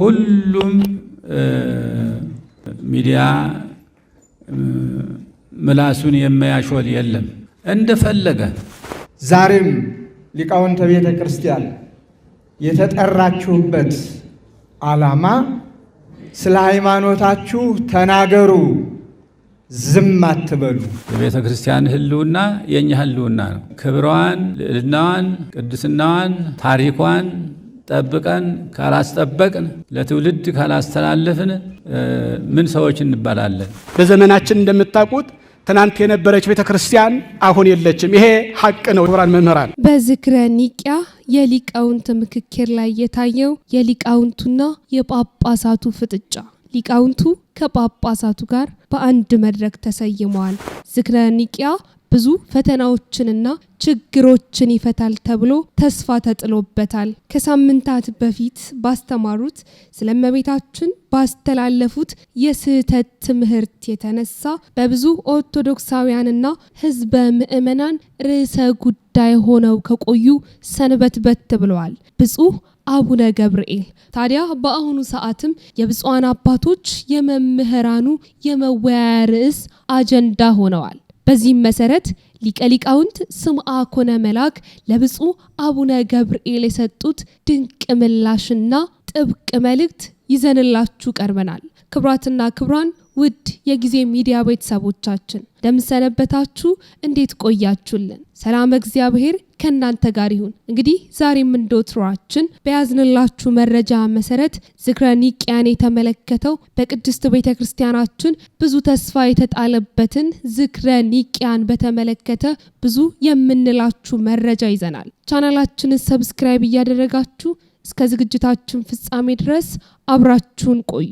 ሁሉም ሚዲያ ምላሱን የማያሾል የለም፣ እንደፈለገ ዛሬም ሊቃውንተ ቤተ ክርስቲያን የተጠራችሁበት ዓላማ ስለ ሃይማኖታችሁ ተናገሩ፣ ዝም አትበሉ። የቤተ ክርስቲያን ህልውና የእኛ ህልውና ነው። ክብሯን፣ ልዕልናዋን፣ ቅድስናዋን፣ ታሪኳን ጠብቀን ካላስጠበቅን ለትውልድ ካላስተላለፍን ምን ሰዎች እንባላለን? በዘመናችን እንደምታውቁት ትናንት የነበረች ቤተ ክርስቲያን አሁን የለችም። ይሄ ሀቅ ነው። ክቡራን መምህራን፣ በዝክረ ኒቅያ የሊቃውንት ምክክር ላይ የታየው የሊቃውንቱና የጳጳሳቱ ፍጥጫ ሊቃውንቱ ከጳጳሳቱ ጋር በአንድ መድረክ ተሰይመዋል። ዝክረ ኒቅያ ብዙ ፈተናዎችንና ችግሮችን ይፈታል ተብሎ ተስፋ ተጥሎበታል። ከሳምንታት በፊት ባስተማሩት ስለ እመቤታችን ባስተላለፉት የስህተት ትምህርት የተነሳ በብዙ ኦርቶዶክሳውያንና ሕዝበ ምዕመናን ርዕሰ ጉዳይ ሆነው ከቆዩ በት ብለዋል ብፁዕ አቡነ ገብርኤል ታዲያ በአሁኑ ሰዓትም የብፁዓን አባቶች የመምህራኑ የመወያያ ርዕስ አጀንዳ ሆነዋል። በዚህም መሰረት ሊቀ ሊቃውንት ስምዓ ኮነ መልአክ ለብፁዕ አቡነ ገብርኤል የሰጡት ድንቅ ምላሽና ጥብቅ መልእክት ይዘንላችሁ ቀርበናል። ክብራትና ክብራን ውድ የጊዜ ሚዲያ ቤተሰቦቻችን እንደምሰነበታችሁ፣ እንዴት ቆያችሁልን? ሰላም እግዚአብሔር ከእናንተ ጋር ይሁን። እንግዲህ ዛሬም እንደወትሯችን በያዝንላችሁ መረጃ መሰረት ዝክረ ኒቅያን የተመለከተው በቅድስት ቤተ ክርስቲያናችን ብዙ ተስፋ የተጣለበትን ዝክረ ኒቅያን በተመለከተ ብዙ የምንላችሁ መረጃ ይዘናል። ቻናላችንን ሰብስክራይብ እያደረጋችሁ እስከ ዝግጅታችን ፍጻሜ ድረስ አብራችሁን ቆዩ።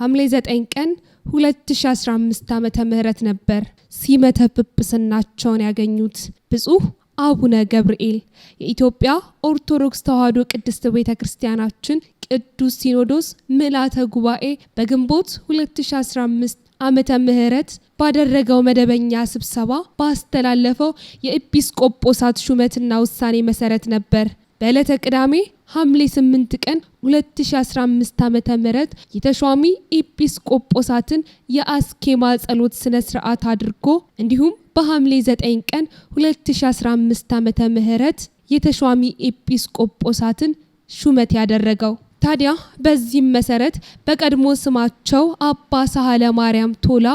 ሐምሌ 9 ቀን 2015 ዓመተ ምህረት ነበር ሲመተ ጵጵስናቸውን ያገኙት ብፁዕ አቡነ ገብርኤል የኢትዮጵያ ኦርቶዶክስ ተዋሕዶ ቅድስት ቤተ ክርስቲያናችን ቅዱስ ሲኖዶስ ምልዓተ ጉባኤ በግንቦት 2015 ዓመተ ምህረት ባደረገው መደበኛ ስብሰባ ባስተላለፈው የኤጲስቆጶሳት ሹመትና ውሳኔ መሰረት ነበር። በዕለተ ቅዳሜ ሐምሌ 8 ቀን 2015 ዓ.ም የተሿሚ ኤጲስቆጶሳትን የአስኬማ ጸሎት ስነ ስርዓት አድርጎ እንዲሁም በሐምሌ 9 ቀን 2015 ዓ.ም የተሿሚ ኤጲስቆጶሳትን ሹመት ያደረገው። ታዲያ በዚህም መሰረት በቀድሞ ስማቸው አባ ሳህለ ማርያም ቶላ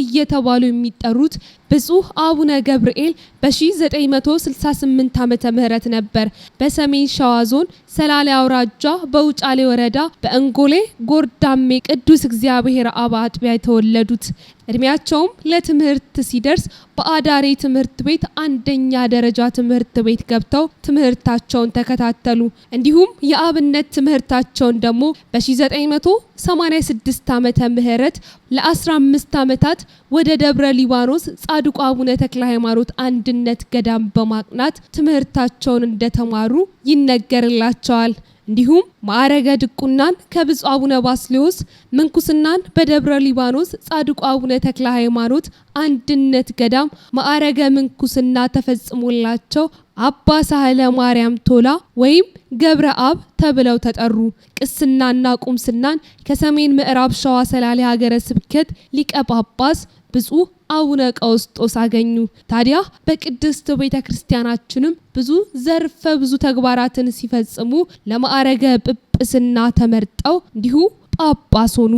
እየተባሉ የሚጠሩት ብፁዕ አቡነ ገብርኤል በ1968 ዓመተ ምህረት ነበር በሰሜን ሸዋ ዞን ሰላሌ አውራጃ በውጫሌ ወረዳ በእንጎሌ ጎርዳሜ ቅዱስ እግዚአብሔር አብ አጥቢያ የተወለዱት። እድሜያቸውም ለትምህርት ሲደርስ በአዳሬ ትምህርት ቤት አንደኛ ደረጃ ትምህርት ቤት ገብተው ትምህርታቸውን ተከታተሉ። እንዲሁም የአብነት ትምህርታቸውን ደግሞ በ1986 ዓመተ ምህረት ለ15 ዓመታት ወደ ደብረ ሊባኖስ ጻድቁ አቡነ ተክለ ሃይማኖት አንድነት ገዳም በማቅናት ትምህርታቸውን እንደተማሩ ይነገርላቸዋል። እንዲሁም ማዕረገ ድቁናን ከብፁዕ አቡነ ባስሌዎስ፣ ምንኩስናን በደብረ ሊባኖስ ጻድቁ አቡነ ተክለ ሃይማኖት አንድነት ገዳም ማዕረገ ምንኩስና ተፈጽሞላቸው አባ ሳህለ ማርያም ቶላ ወይም ገብረ አብ ተብለው ተጠሩ። ቅስናና ቁምስናን ከሰሜን ምዕራብ ሸዋ ሰላሌ ሀገረ ስብከት ሊቀ ጳጳስ ብፁዕ አቡነ ቀውስጦስ አገኙ። ታዲያ በቅድስት ቤተ ክርስቲያናችንም ብዙ ዘርፈ ብዙ ተግባራትን ሲፈጽሙ ለማዕረገ ጵጵስና ተመርጠው እንዲሁ ጳጳስ ሆኑ።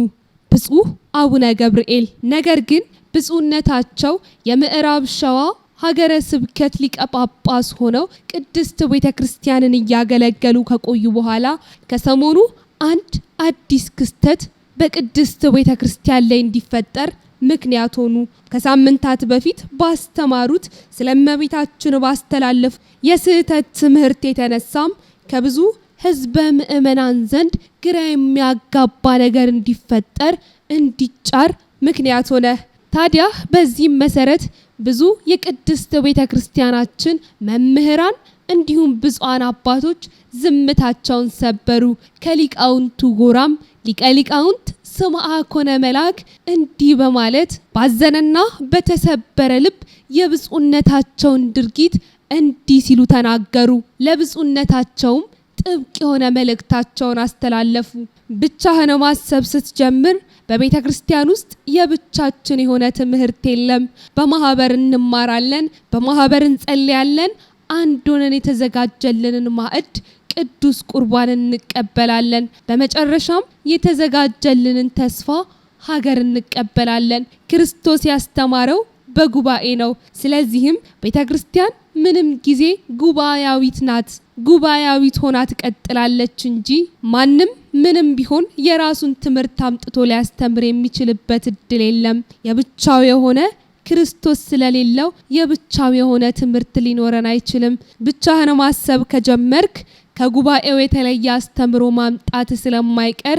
ብፁዕ አቡነ ገብርኤል ነገር ግን ብፁዕነታቸው የምዕራብ ሸዋ ሀገረ ስብከት ሊቀ ጳጳስ ሆነው ቅድስት ቤተ ክርስቲያንን እያገለገሉ ከቆዩ በኋላ ከሰሞኑ አንድ አዲስ ክስተት በቅድስት ቤተ ክርስቲያን ላይ እንዲፈጠር ምክንያት ሆኑ። ከሳምንታት በፊት ባስተማሩት ስለ እመቤታችን ባስተላለፉ የስህተት ትምህርት የተነሳም ከብዙ ህዝበ ምእመናን ዘንድ ግራ የሚያጋባ ነገር እንዲፈጠር እንዲጫር ምክንያት ሆነ። ታዲያ በዚህም መሰረት ብዙ የቅድስት ቤተ ክርስቲያናችን መምህራን እንዲሁም ብፁዓን አባቶች ዝምታቸውን ሰበሩ። ከሊቃውንቱ ጎራም ሊቀ ሊቃውንት ስምዐ ኮነ መልአክ እንዲህ በማለት ባዘነና በተሰበረ ልብ የብፁዕነታቸውን ድርጊት እንዲህ ሲሉ ተናገሩ። ለብፁዕነታቸውም ጥብቅ የሆነ መልእክታቸውን አስተላለፉ። ብቻህን ማሰብ ስትጀምር በቤተ ክርስቲያን ውስጥ የብቻችን የሆነ ትምህርት የለም። በማህበር እንማራለን፣ በማህበር እንጸልያለን። አንድ ሆነን የተዘጋጀልንን ማዕድ ቅዱስ ቁርባን እንቀበላለን። በመጨረሻም የተዘጋጀልንን ተስፋ ሀገር እንቀበላለን። ክርስቶስ ያስተማረው በጉባኤ ነው። ስለዚህም ቤተ ክርስቲያን ምንም ጊዜ ጉባኤያዊት ናት። ጉባኤያዊት ሆና ትቀጥላለች እንጂ ማንም ምንም ቢሆን የራሱን ትምህርት አምጥቶ ሊያስተምር የሚችልበት እድል የለም። የብቻው የሆነ ክርስቶስ ስለሌለው የብቻው የሆነ ትምህርት ሊኖረን አይችልም። ብቻህን ማሰብ ከጀመርክ ከጉባኤው የተለየ አስተምሮ ማምጣት ስለማይቀር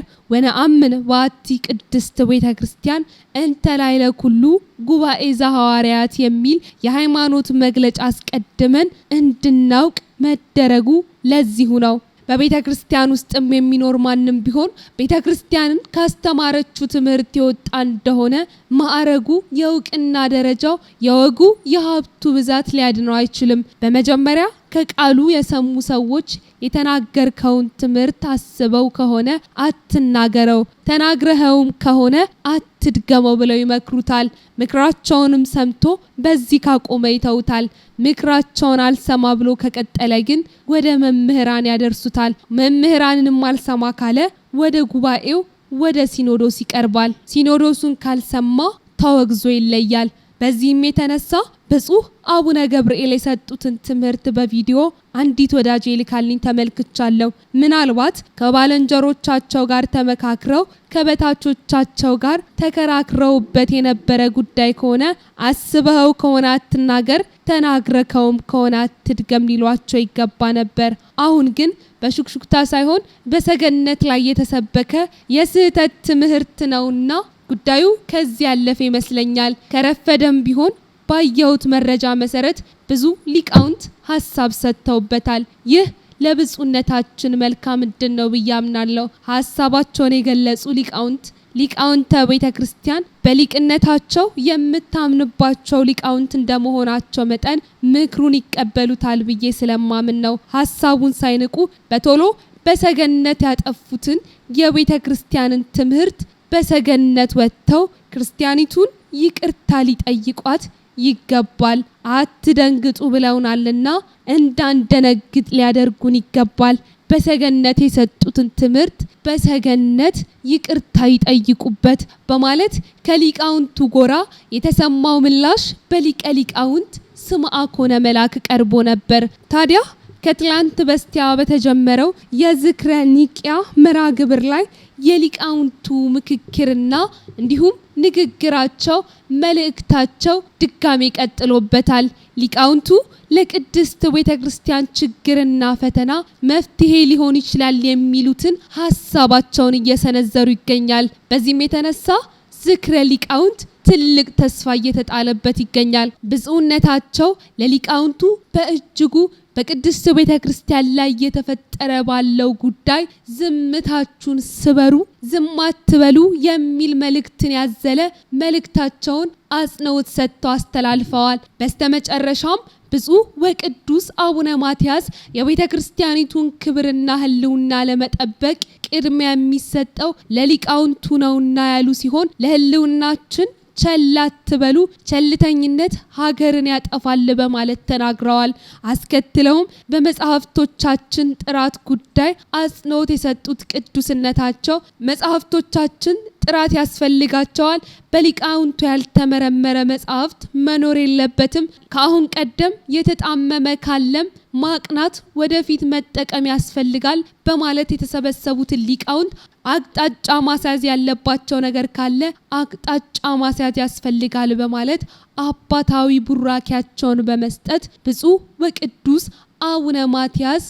አምን በአቲ ቅድስት ቤተ ክርስቲያን እንተ ላዕለ ኩሉ ጉባኤ ዘሐዋርያት የሚል የሃይማኖት መግለጫ አስቀድመን እንድናውቅ መደረጉ ለዚሁ ነው። በቤተ ክርስቲያን ውስጥም የሚኖር ማንም ቢሆን ቤተ ክርስቲያንን ካስተማረችው ትምህርት የወጣ እንደሆነ ማዕረጉ፣ የእውቅና ደረጃው፣ የወጉ፣ የሀብቱ ብዛት ሊያድነው አይችልም። በመጀመሪያ ከቃሉ የሰሙ ሰዎች የተናገርከውን ትምህርት አስበው ከሆነ አትናገረው፣ ተናግረኸውም ከሆነ አትድገመው ብለው ይመክሩታል። ምክራቸውንም ሰምቶ በዚህ ካቆመ ይተውታል። ምክራቸውን አልሰማ ብሎ ከቀጠለ ግን ወደ መምህራን ያደርሱታል። መምህራንንም አልሰማ ካለ ወደ ጉባኤው ወደ ሲኖዶስ ይቀርባል። ሲኖዶሱን ካልሰማ ተወግዞ ይለያል። በዚህም የተነሳ ብፁዕ አቡነ ገብርኤል የሰጡትን ትምህርት በቪዲዮ አንዲት ወዳጅ ልካልኝ ተመልክቻለሁ። ምናልባት ከባለንጀሮቻቸው ጋር ተመካክረው ከበታቾቻቸው ጋር ተከራክረውበት የነበረ ጉዳይ ከሆነ አስበኸው ከሆነ አትናገር፣ ተናግረከውም ከሆነ አትድገም ሊሏቸው ይገባ ነበር። አሁን ግን በሹክሹክታ ሳይሆን በሰገነት ላይ የተሰበከ የስህተት ትምህርት ነውና ጉዳዩ ከዚህ ያለፈ ይመስለኛል። ከረፈደም ቢሆን ባየሁት መረጃ መሰረት ብዙ ሊቃውንት ሀሳብ ሰጥተውበታል። ይህ ለብፁነታችን መልካም ዕድል ነው ብዬ አምናለሁ። ሀሳባቸውን የገለጹ ሊቃውንት ሊቃውንተ ቤተ ክርስቲያን በሊቅነታቸው የምታምንባቸው ሊቃውንት እንደመሆናቸው መጠን ምክሩን ይቀበሉታል ብዬ ስለማምን ነው። ሀሳቡን ሳይንቁ በቶሎ በሰገነት ያጠፉትን የቤተ ክርስቲያንን ትምህርት በሰገነት ወጥተው ክርስቲያኒቱን ይቅርታ ሊጠይቋት ይገባል። አትደንግጡ ብለውናልና እንዳንደነግጥ ሊያደርጉን ይገባል። በሰገነት የሰጡትን ትምህርት በሰገነት ይቅርታ ይጠይቁበት በማለት ከሊቃውንቱ ጎራ የተሰማው ምላሽ በሊቀ ሊቃውንት ስምዐ ኮነ መልአክ ቀርቦ ነበር። ታዲያ ከትላንት በስቲያ በተጀመረው የዝክረ ኒቅያ መርሃ ግብር ላይ የሊቃውንቱ ምክክርና እንዲሁም ንግግራቸው መልእክታቸው ድጋሜ ቀጥሎበታል። ሊቃውንቱ ለቅድስት ቤተ ክርስቲያን ችግርና ፈተና መፍትሄ ሊሆን ይችላል የሚሉትን ሀሳባቸውን እየሰነዘሩ ይገኛል። በዚህም የተነሳ ዝክረ ሊቃውንት ትልቅ ተስፋ እየተጣለበት ይገኛል። ብፁዕነታቸው ለሊቃውንቱ በእጅጉ በቅድስት ቤተ ክርስቲያን ላይ እየተፈጠረ ባለው ጉዳይ ዝምታችሁን ስበሩ፣ ዝም አትበሉ የሚል መልእክትን ያዘለ መልእክታቸውን አጽንኦት ሰጥተው አስተላልፈዋል። በስተመጨረሻም ብፁዕ ወቅዱስ አቡነ ማትያስ የቤተ ክርስቲያኒቱን ክብርና ሕልውና ለመጠበቅ ቅድሚያ የሚሰጠው ለሊቃውንቱ ነውና ያሉ ሲሆን ለሕልውናችን ቸል አትበሉ፣ ቸልተኝነት ሀገርን ያጠፋል በማለት ተናግረዋል። አስከትለውም በመጽሐፍቶቻችን ጥራት ጉዳይ አጽንኦት የሰጡት ቅዱስነታቸው መጽሐፍቶቻችን ጥራት ያስፈልጋቸዋል። በሊቃውንቱ ያልተመረመረ መጽሐፍት መኖር የለበትም። ከአሁን ቀደም የተጣመመ ካለም ማቅናት ወደፊት መጠቀም ያስፈልጋል በማለት የተሰበሰቡትን ሊቃውንት አቅጣጫ ማስያዝ ያለባቸው ነገር ካለ አቅጣጫ ማስያዝ ያስፈልጋል በማለት አባታዊ ቡራኪያቸውን በመስጠት ብፁዕ ወቅዱስ አቡነ ማትያስ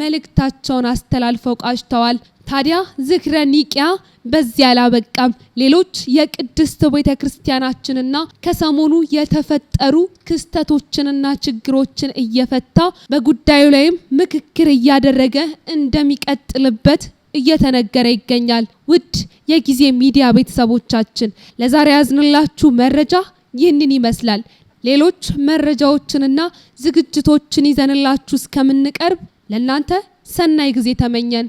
መልእክታቸውን አስተላልፈው ቃጭተዋል። ታዲያ ዝክረ ኒቂያ በዚህ አላበቃም። ሌሎች የቅድስት ቤተ ክርስቲያናችንና ከሰሞኑ የተፈጠሩ ክስተቶችንና ችግሮችን እየፈታ በጉዳዩ ላይም ምክክር እያደረገ እንደሚቀጥልበት እየተነገረ ይገኛል። ውድ የጊዜ ሚዲያ ቤተሰቦቻችን ለዛሬ ያዝንላችሁ መረጃ ይህንን ይመስላል። ሌሎች መረጃዎችንና ዝግጅቶችን ይዘንላችሁ እስከምንቀርብ ለእናንተ ሰናይ ጊዜ ተመኘን።